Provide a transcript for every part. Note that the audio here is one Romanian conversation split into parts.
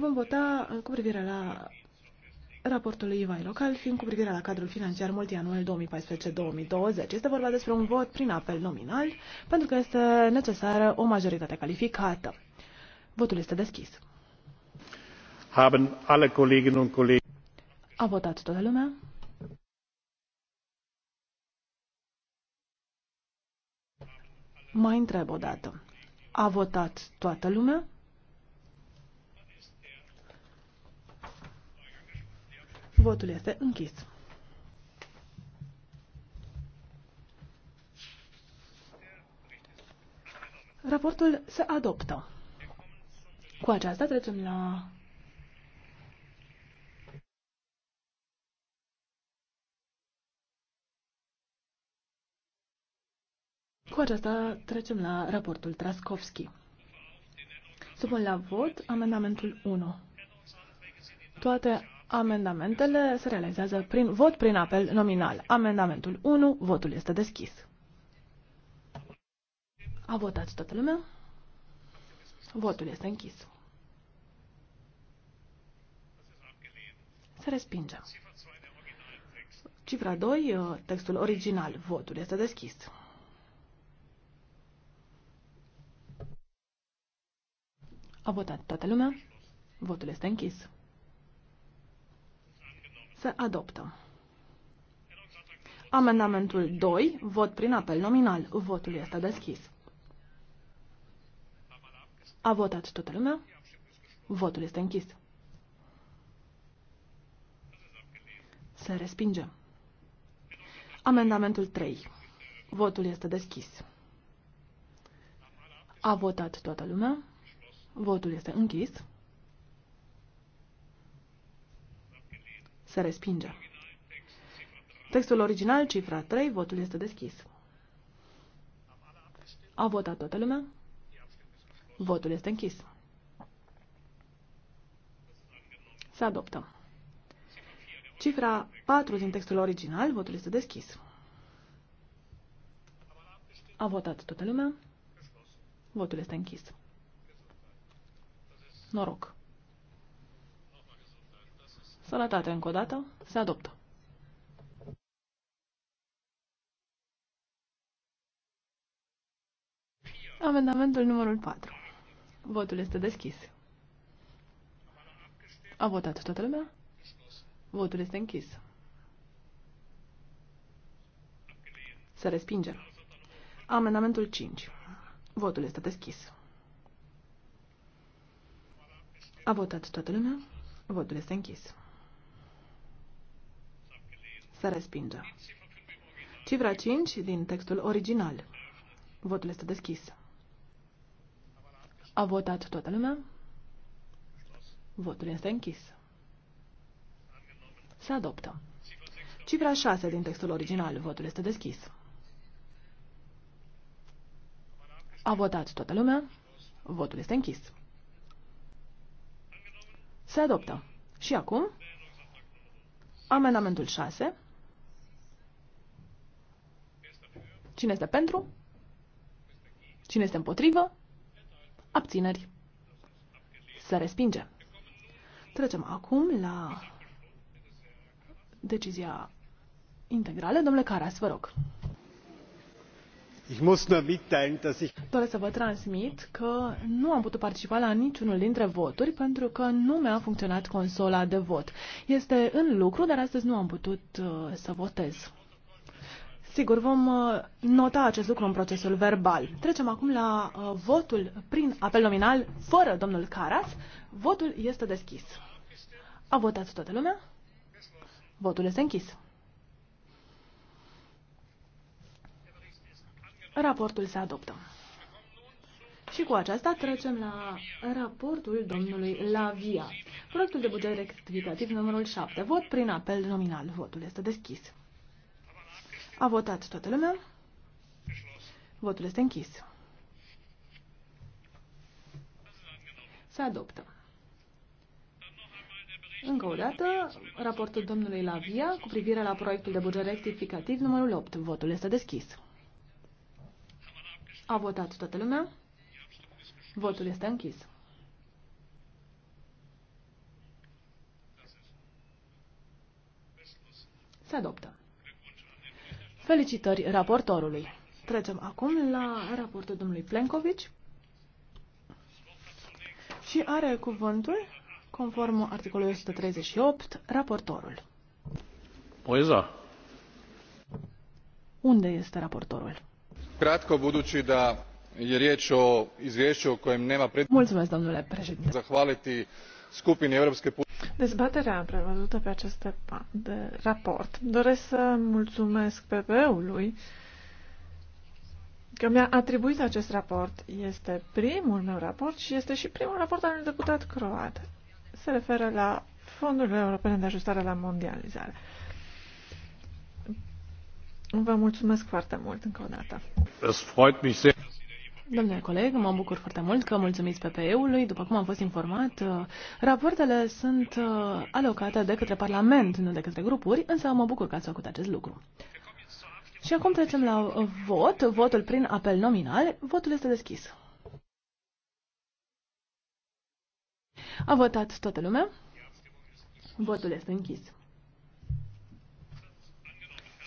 Vom vota uh, cu privire la raportul lui Ivai Local, fiind cu privire la cadrul financiar multianual 2014-2020. Este vorba despre un vot prin apel nominal, pentru că este necesară o majoritate calificată. Votul este deschis. Haben alle Kolleginnen und Kollegen a votat toată lumea? Mai întreb o dată. A votat toată lumea? Votul este închis. Raportul se adoptă. Cu aceasta trecem la Cu aceasta trecem la raportul Traskovski. Supun la vot amendamentul 1. Toate Amendamentele se realizează prin vot prin apel nominal. Amendamentul 1, votul este deschis. A votat toată lumea? Votul este închis. Se respinge. Cifra 2, uh, textul original, votul este deschis. A votat toată lumea? Votul este închis. Se adoptă. Amendamentul 2, vot prin apel nominal. Votul este deschis. A votat toată lumea? Votul este închis. Se respinge. Amendamentul 3. Votul este deschis. A votat toată lumea. Votul este închis. Se respinge. Textul original, cifra 3, votul este deschis. A votat toată lumea? Votul este închis. Se adoptă. Cifra 4 din textul original, votul este deschis. A votat toată lumea? Votul este închis. Noroc! Sănătate încă o dată. Se adoptă. Amendamentul numărul 4. Votul este deschis. A votat toată lumea? Votul este închis. Se respinge. Amendamentul 5. Votul este deschis. A votat toată lumea? Votul este închis. Se respinge. Cifra 5 din textul original. Votul este deschis. A votat toată lumea. Votul este închis. Se adoptă. Cifra 6 din textul original. Votul este deschis. A votat toată lumea. Votul este închis. Se adoptă. Și acum, amendamentul 6. Cine este pentru? Cine este împotrivă? Abțineri. Să respinge. Trecem acum la decizia integrală. Domnule Caras, vă rog. Ich muss nur mitteilen, dass ich... Doresc să vă transmit că nu am putut participa la niciunul dintre voturi pentru că nu mi-a funcționat consola de vot. Este în lucru, dar astăzi nu am putut uh, să votez. Sigur, vom uh, nota acest lucru în procesul verbal. Trecem acum la uh, votul prin apel nominal, fără domnul Caras. Votul este deschis. A votat toată lumea? Votul este închis. Raportul se adoptă. Și cu aceasta trecem la raportul domnului Lavia. Proiectul de buget rectificativ numărul 7. Vot prin apel nominal. Votul este deschis. A votat toată lumea. Votul este închis. Se adoptă. Încă o dată, raportul domnului Lavia cu privire la proiectul de buget rectificativ numărul 8. Votul este deschis. A votat toată lumea. Votul este închis. Se adoptă. Felicitări raportorului. Trecem acum la raportul domnului Plenkovici și are cuvântul, conform articolului 138, raportorul. Moeza. Unde este raportorul? Kratko, budući da je riječ o nema pred... Mulțumesc, domnule președinte. Zahvaliti skupini Europske Dezbaterea prevăzută pe acest de raport. Doresc să mulțumesc PP-ului că mi-a atribuit acest raport. Este primul meu raport și este și primul raport al unui deputat croat. Se referă la fondurile europene de ajustare la mondializare. Vă mulțumesc foarte mult încă o dată. Domnule coleg, mă bucur foarte mult că mulțumiți PPE-ului. După cum am fost informat, uh, rapoartele sunt uh, alocate de către Parlament, nu de către grupuri, însă mă bucur că ați făcut acest lucru. Și acum trecem la uh, vot, votul prin apel nominal. Votul este deschis. A votat toată lumea. Votul este închis.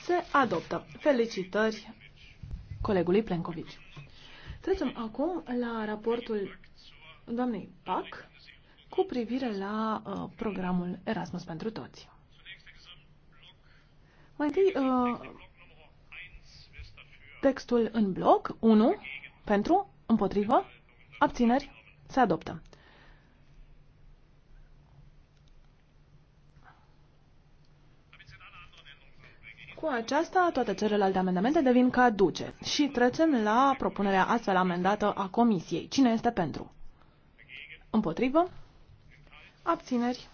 Se adoptă. Felicitări colegului Plencovici. Trecem acum la raportul doamnei PAC cu privire la uh, programul Erasmus pentru toți. Mai întâi, uh, textul în bloc, 1, pentru, împotrivă, abțineri, se adoptă. Cu aceasta, toate celelalte amendamente devin caduce și trecem la propunerea astfel amendată a Comisiei. Cine este pentru? Împotrivă? Abțineri?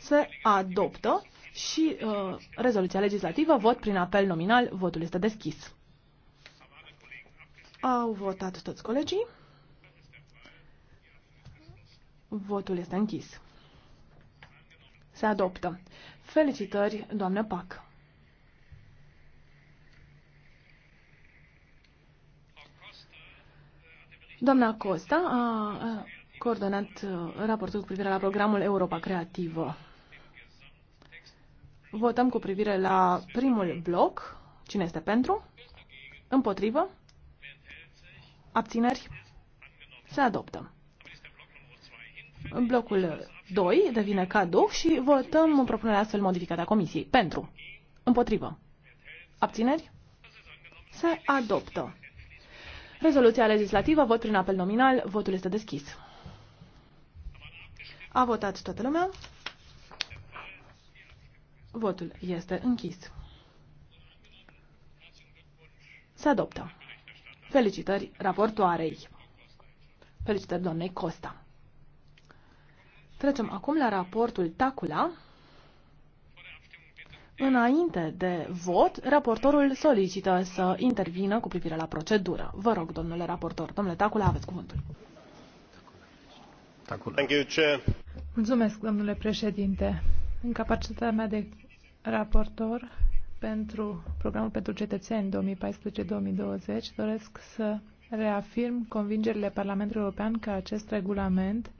Se adoptă și uh, rezoluția legislativă, vot prin apel nominal, votul este deschis. Au votat toți colegii. Votul este închis. Se adoptă. Felicitări, doamnă Pac. Doamna Costa a coordonat uh, raportul cu privire la programul Europa Creativă. Votăm cu privire la primul bloc. Cine este pentru? Împotrivă? Abțineri? Se adoptă. Blocul 2 devine cadou și votăm propunerea astfel modificată a Comisiei. Pentru. Împotrivă. Abțineri? Se adoptă. Rezoluția legislativă, vot prin apel nominal, votul este deschis. A votat toată lumea. Votul este închis. Se adoptă. Felicitări raportoarei. Felicitări doamnei Costa. Trecem acum la raportul Tacula. Înainte de vot, raportorul solicită să intervină cu privire la procedură. Vă rog, domnule raportor. Domnule Tacule, aveți cuvântul. Thank you, Chair. Mulțumesc, domnule președinte. În capacitatea mea de raportor pentru programul pentru cetățeni 2014-2020, doresc să reafirm convingerile Parlamentului European că acest regulament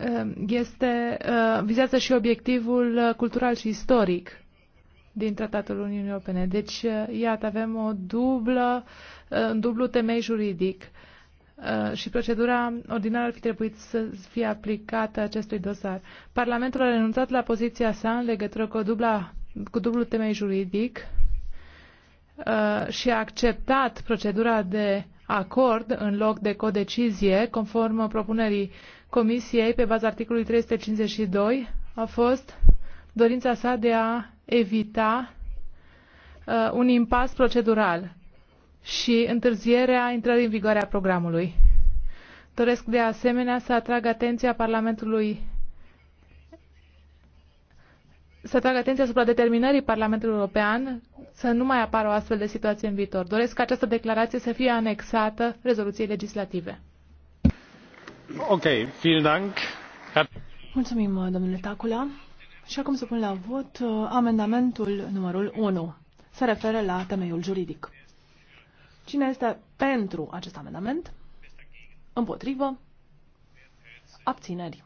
Um, este, uh, vizează și obiectivul uh, cultural și istoric din Tratatul Uniunii Europene. Deci, uh, iată, avem o dublă, un dublu temei juridic și procedura ordinară ar fi trebuit să fie aplicată acestui dosar. Parlamentul a renunțat la poziția sa în legătură cu, dubla, cu dublul temei juridic și a acceptat procedura de acord în loc de codecizie, conform propunerii Comisiei pe baza articolului 352 a fost dorința sa de a evita uh, un impas procedural și întârzierea intrării în vigoare a programului. Doresc de asemenea să atrag atenția Parlamentului să atrag atenția asupra determinării Parlamentului European să nu mai apară o astfel de situație în viitor. Doresc ca această declarație să fie anexată rezoluției legislative. Mulțumim, domnule Tacula. Și acum să pun la vot uh, amendamentul numărul 1. Se referă la temeiul juridic. Cine este pentru acest amendament? Împotrivă? Abțineri.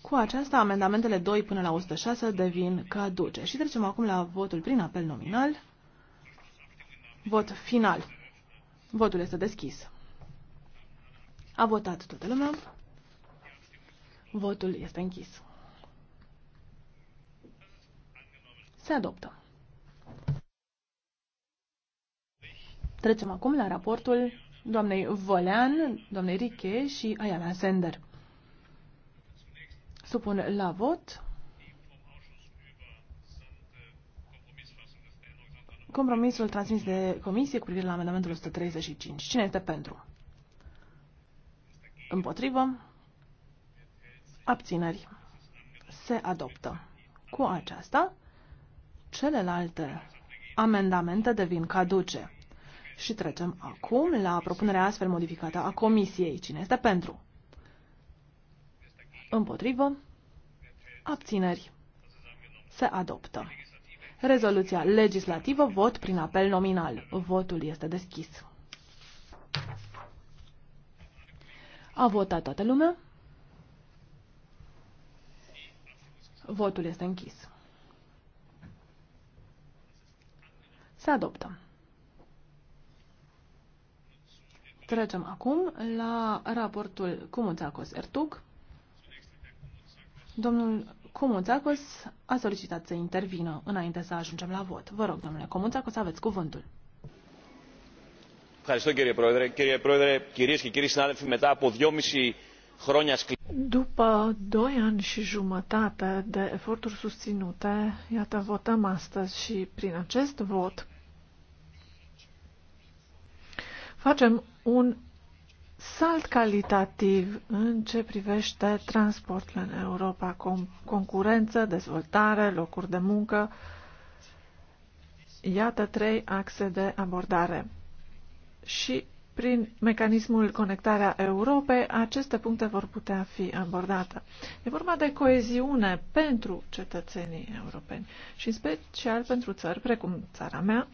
Cu aceasta, amendamentele 2 până la 106 devin caduce. Și trecem acum la votul prin apel nominal. Vot final. Votul este deschis. A votat toată lumea. Votul este închis. Se adoptă. Trecem acum la raportul doamnei Volean, doamnei Riche și Ayala Sender. Supun la vot compromisul transmis de comisie cu privire la amendamentul 135. Cine este pentru? Împotrivă. Abțineri. Se adoptă. Cu aceasta, celelalte amendamente devin caduce. Și trecem acum la propunerea astfel modificată a Comisiei. Cine este pentru? Împotrivă. Abțineri. Se adoptă. Rezoluția legislativă, vot prin apel nominal. Votul este deschis. A votat toată lumea? Votul este închis. Se adoptă. Trecem acum la raportul Cumuțacos Ertug. Domnul Cumuțacos a solicitat să intervină înainte să ajungem la vot. Vă rog, domnule Cumuțacos, aveți cuvântul. După doi ani și jumătate de eforturi susținute, iată, votăm astăzi și prin acest vot facem un salt calitativ în ce privește transportul în Europa, concurență, dezvoltare, locuri de muncă. Iată trei axe de abordare și prin mecanismul Conectarea Europei, aceste puncte vor putea fi abordate. E vorba de coeziune pentru cetățenii europeni și în special pentru țări precum țara mea,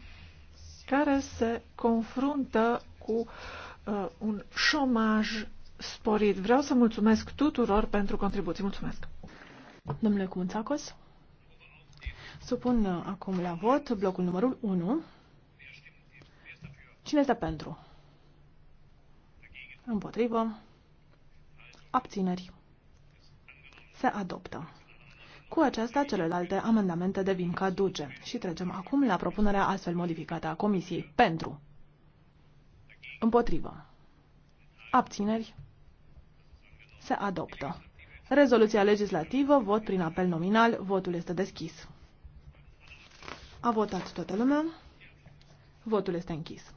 care se confruntă cu uh, un șomaj sporit. Vreau să mulțumesc tuturor pentru contribuții. Mulțumesc! Domnule Cunțacos, supun uh, acum la vot blocul numărul 1. Cine este pentru? Împotrivă. Abțineri. Se adoptă. Cu aceasta, celelalte amendamente devin caduce și trecem acum la propunerea astfel modificată a Comisiei. Pentru. Împotrivă. Abțineri. Se adoptă. Rezoluția legislativă, vot prin apel nominal, votul este deschis. A votat toată lumea. Votul este închis.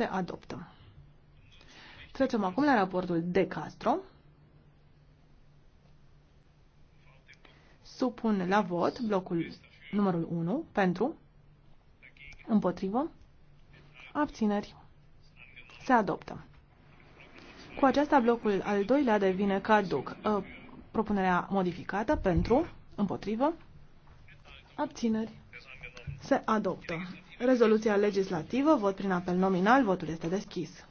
Se adoptă. Trecem acum la raportul de Castro. Supun la vot blocul numărul 1 pentru, împotrivă, abțineri. Se adoptă. Cu aceasta blocul al doilea devine caduc. Ă, propunerea modificată pentru, împotrivă, abțineri. Se adoptă. Rezoluția legislativă, vot prin apel nominal, votul este deschis.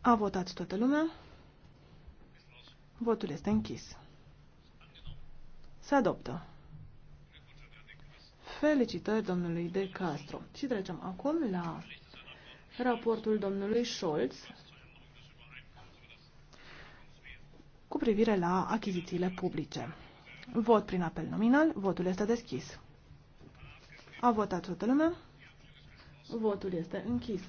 A votat toată lumea. Votul este închis. Se adoptă. Felicitări domnului De Castro. Și trecem acum la raportul domnului Scholz cu privire la achizițiile publice. Vot prin apel nominal. Votul este deschis. A votat toată lumea. Votul este închis.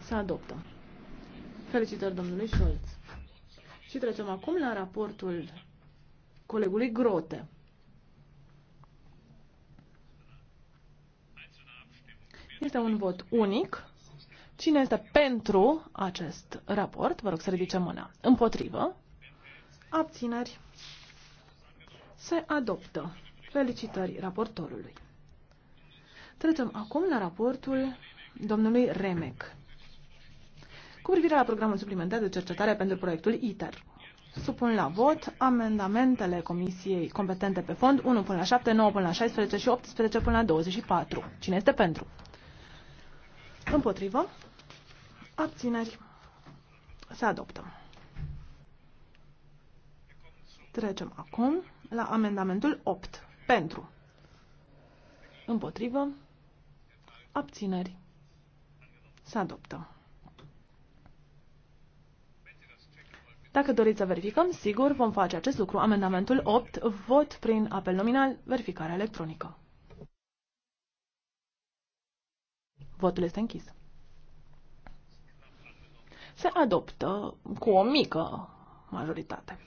Se adoptă. Felicitări domnului Scholz. Și trecem acum la raportul colegului Grote. Este un vot unic. Cine este pentru acest raport? Vă rog să ridice mâna. Împotrivă. Abțineri. Se adoptă. Felicitări raportorului. Trecem acum la raportul domnului Remec cu privire la programul suplimentar de cercetare pentru proiectul ITER. Supun la vot amendamentele Comisiei competente pe fond 1 până la 7, 9 până la 16 și 18 până la 24. Cine este pentru? Împotrivă. Abțineri. Se adoptă. Trecem acum la amendamentul 8. Pentru. Împotrivă. Abțineri. Se adoptă. Dacă doriți să verificăm, sigur, vom face acest lucru. Amendamentul 8, vot prin apel nominal, verificare electronică. Votul este închis. Se adoptă cu o mică majoritate.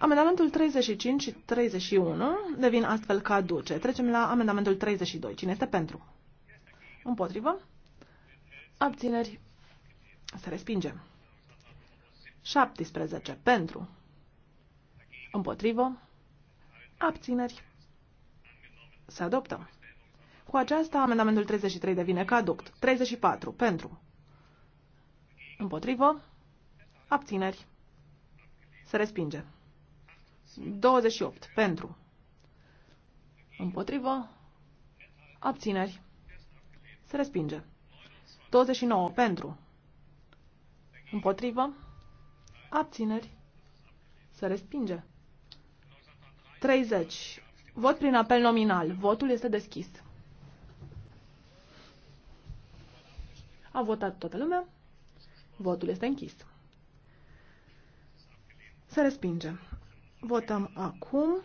Amendamentul 35 și 31 devin astfel caduce. Trecem la amendamentul 32. Cine este pentru? Împotrivă? Abțineri? Se respinge. 17. Pentru. Împotrivă. Abțineri. Se adoptă. Cu aceasta, amendamentul 33 devine caduct. 34. Pentru. Împotrivă. Abțineri. Se respinge. 28. Pentru. Împotrivă. Abțineri. Se respinge. 29. Pentru. Împotrivă. Abțineri. Se respinge. 30. Vot prin apel nominal. Votul este deschis. A votat toată lumea. Votul este închis. Se respinge. Votăm acum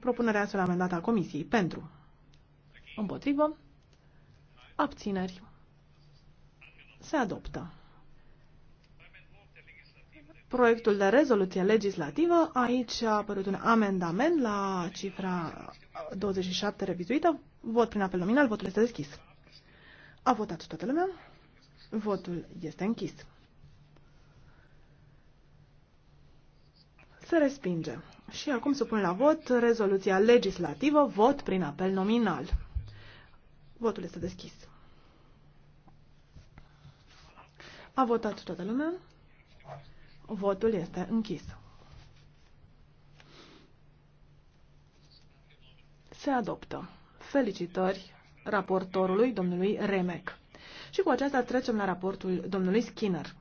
propunerea astfel amendată a Comisiei. Pentru. Împotrivă. Abțineri. Se adoptă. Proiectul de rezoluție legislativă, aici a apărut un amendament la cifra 27 revizuită. Vot prin apel nominal, votul este deschis. A votat toată lumea. Votul este închis. Se respinge. Și acum supun la vot rezoluția legislativă, vot prin apel nominal. Votul este deschis. A votat toată lumea. Votul este închis. Se adoptă. Felicitări raportorului domnului Remec. Și cu aceasta trecem la raportul domnului Skinner.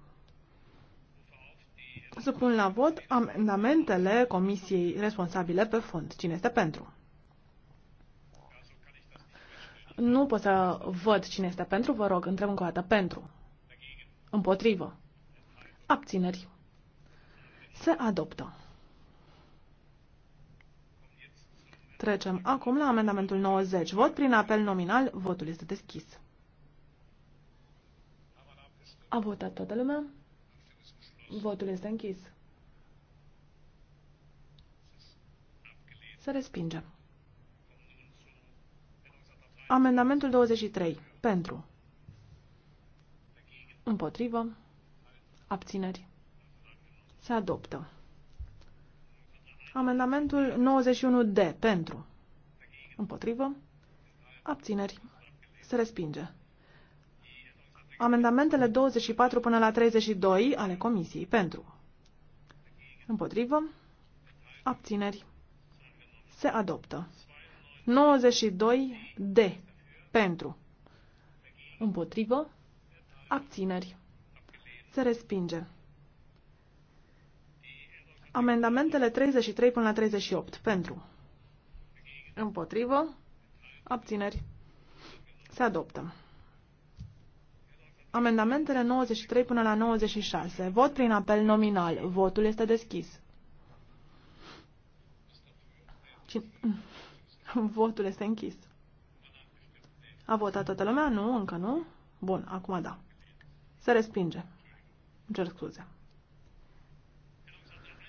Supun la vot amendamentele comisiei responsabile pe fond. Cine este pentru? Nu pot să văd cine este pentru, vă rog, întreb încă o dată. Pentru. Împotrivă. Abțineri. Se adoptă. Trecem acum la amendamentul 90. Vot prin apel nominal. Votul este deschis. A votat toată lumea? Votul este închis. Să respingem. Amendamentul 23. Pentru. Împotrivă. Abțineri. Se adoptă. Amendamentul 91D. Pentru. Împotrivă. Abțineri. Se respinge. Amendamentele 24 până la 32 ale Comisiei pentru. Împotrivă. Abțineri. Se adoptă. 92 D. Pentru. Împotrivă. Abțineri. Se respinge. Amendamentele 33 până la 38. Pentru. Împotrivă. Abțineri. Se adoptă. Amendamentele 93 până la 96. Vot prin apel nominal. Votul este deschis. Cine... Votul este închis. A votat toată lumea? Nu, încă nu. Bun, acum da. Se respinge. Îmi cer scuze.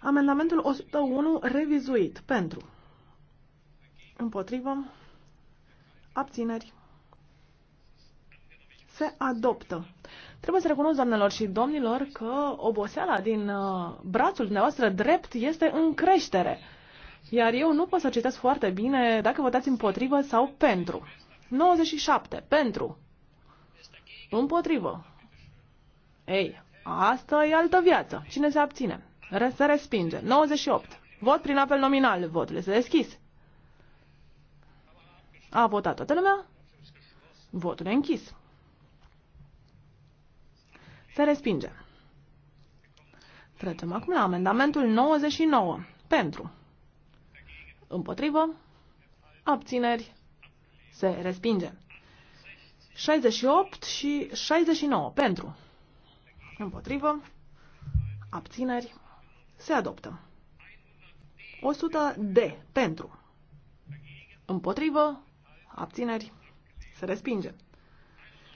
Amendamentul 101 revizuit pentru. Împotrivă. Abțineri se adoptă. Trebuie să recunosc, doamnelor și domnilor, că oboseala din uh, brațul dumneavoastră drept este în creștere. Iar eu nu pot să citesc foarte bine dacă votați împotrivă sau pentru. 97. Pentru. Împotrivă. Ei, asta e altă viață. Cine se abține? Se respinge. 98. Vot prin apel nominal. Votul este deschis. A votat toată lumea? Votul e închis. Se respinge. Trecem acum la amendamentul 99. Pentru. Împotrivă. Abțineri. Se respinge. 68 și 69. Pentru. Împotrivă. Abțineri. Se adoptă. 100 de. Pentru. Împotrivă. Abțineri. Se respinge.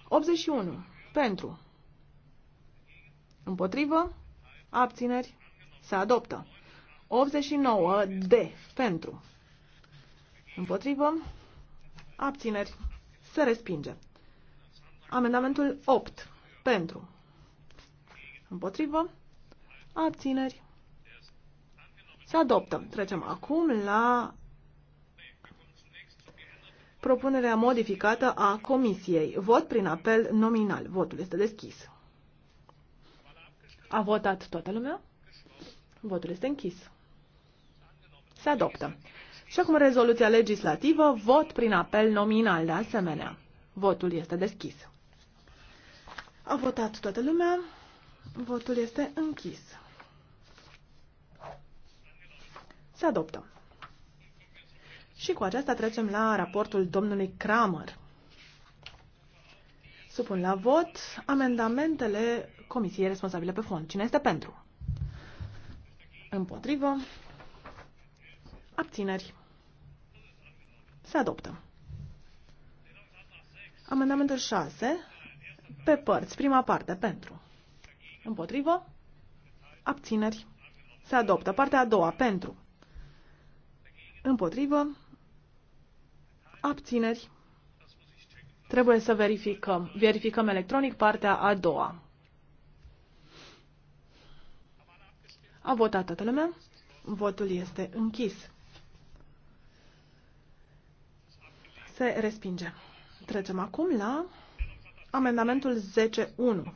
81. Pentru. Împotrivă. Abțineri. Se adoptă. 89 de pentru. Împotrivă. Abțineri. Se respinge. Amendamentul 8 pentru. Împotrivă. Abțineri. Se adoptă. Trecem acum la propunerea modificată a Comisiei. Vot prin apel nominal. Votul este deschis. A votat toată lumea? Votul este închis. Se adoptă. Și acum rezoluția legislativă, vot prin apel nominal de asemenea. Votul este deschis. A votat toată lumea. Votul este închis. Se adoptă. Și cu aceasta trecem la raportul domnului Kramer. Supun la vot amendamentele Comisiei responsabile pe fond. Cine este pentru? Împotrivă. Abțineri. Se adoptă. Amendamentul 6. Pe părți. Prima parte. Pentru. Împotrivă. Abțineri. Se adoptă. Partea a doua. Pentru. Împotrivă. Abțineri. Trebuie să verificăm. Verificăm electronic partea a doua. A votat toată lumea. Votul este închis. Se respinge. Trecem acum la amendamentul 10.1.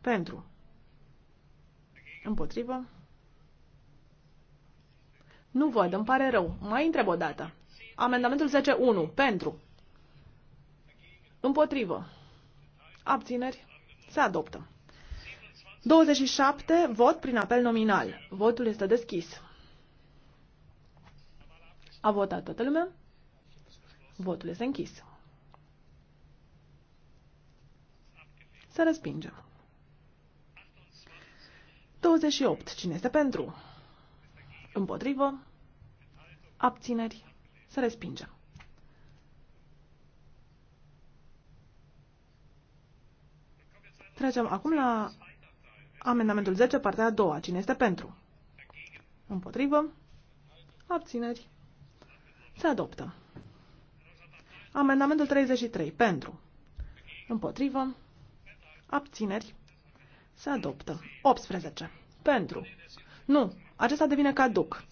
Pentru. Împotrivă. Nu văd, îmi pare rău. Mai întreb o dată. Amendamentul 10.1. Pentru. Împotrivă. Abțineri. Se adoptă. 27. Vot prin apel nominal. Votul este deschis. A votat toată lumea? Votul este închis. Să respingem. 28. Cine este pentru? Împotrivă? Abțineri? Să respingem. Trecem acum la amendamentul 10, partea a doua. Cine este pentru? Împotrivă. Abțineri. Se adoptă. Amendamentul 33. Pentru. Împotrivă. Abțineri. Se adoptă. 18. Pentru. Nu. Acesta devine caduc.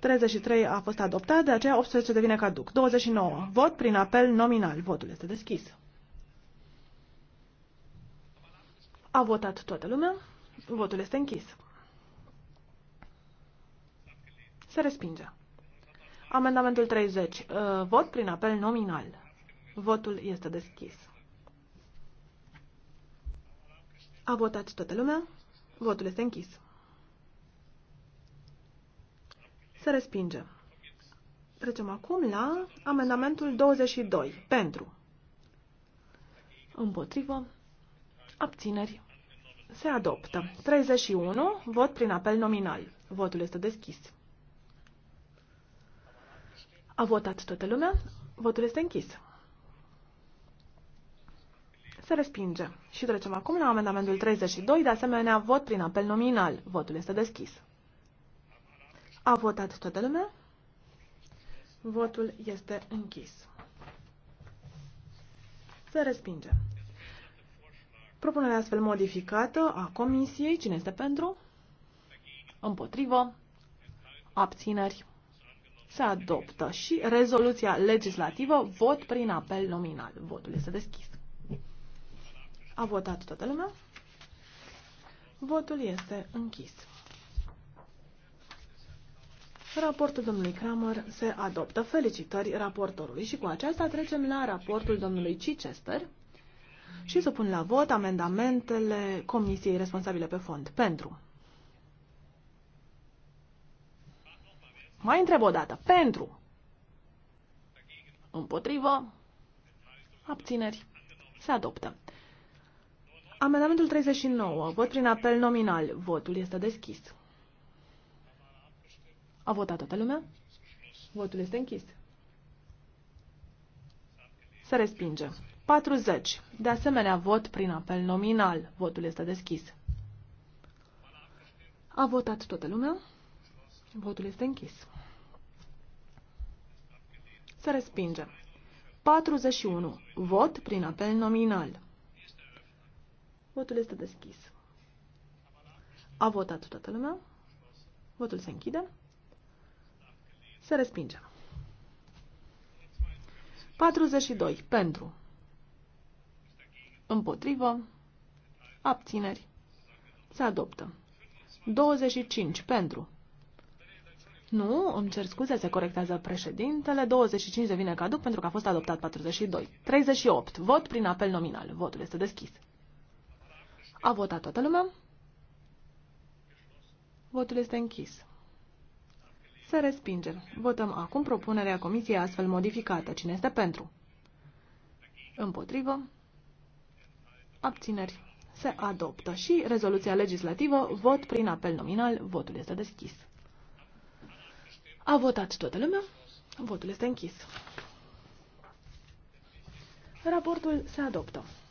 33 a fost adoptat, de aceea 18 devine caduc. 29. Vot prin apel nominal. Votul este deschis. A votat toată lumea. Votul este închis. Se respinge. Amendamentul 30. Uh, vot prin apel nominal. Votul este deschis. A votat toată lumea. Votul este închis. Se respinge. Trecem acum la amendamentul 22. Pentru. Împotrivă. Abțineri. Se adoptă. 31. Vot prin apel nominal. Votul este deschis. A votat toată lumea. Votul este închis. Se respinge. Și trecem acum la amendamentul 32, de asemenea vot prin apel nominal. Votul este deschis. A votat toată lumea. Votul este închis. Se respinge. Propunerea astfel modificată a Comisiei. Cine este pentru? Împotrivă. Abțineri. Se adoptă și rezoluția legislativă, vot prin apel nominal. Votul este deschis. A votat toată lumea. Votul este închis. Raportul domnului Kramer se adoptă. Felicitări raportorului și cu aceasta trecem la raportul domnului Chichester și să pun la vot amendamentele comisiei responsabile pe fond. Pentru. Mai întreb o dată. Pentru. Împotrivă. Abțineri. Se adoptă. Amendamentul 39. Vot prin apel nominal. Votul este deschis. A votat toată lumea? Votul este închis. Se respinge. 40. De asemenea, vot prin apel nominal. Votul este deschis. A votat toată lumea. Votul este închis. Se respinge. 41. Vot prin apel nominal. Votul este deschis. A votat toată lumea. Votul se închide. Se respinge. 42. Pentru. Împotrivă. Abțineri. Se adoptă. 25 pentru. Nu, îmi cer scuze, se corectează președintele. 25 devine caduc pentru că a fost adoptat 42. 38. Vot prin apel nominal. Votul este deschis. A votat toată lumea? Votul este închis. Se respinge. Votăm acum propunerea comisiei astfel modificată. Cine este pentru? Împotrivă? abțineri, se adoptă. Și rezoluția legislativă, vot prin apel nominal, votul este deschis. A votat toată lumea, votul este închis. Raportul se adoptă.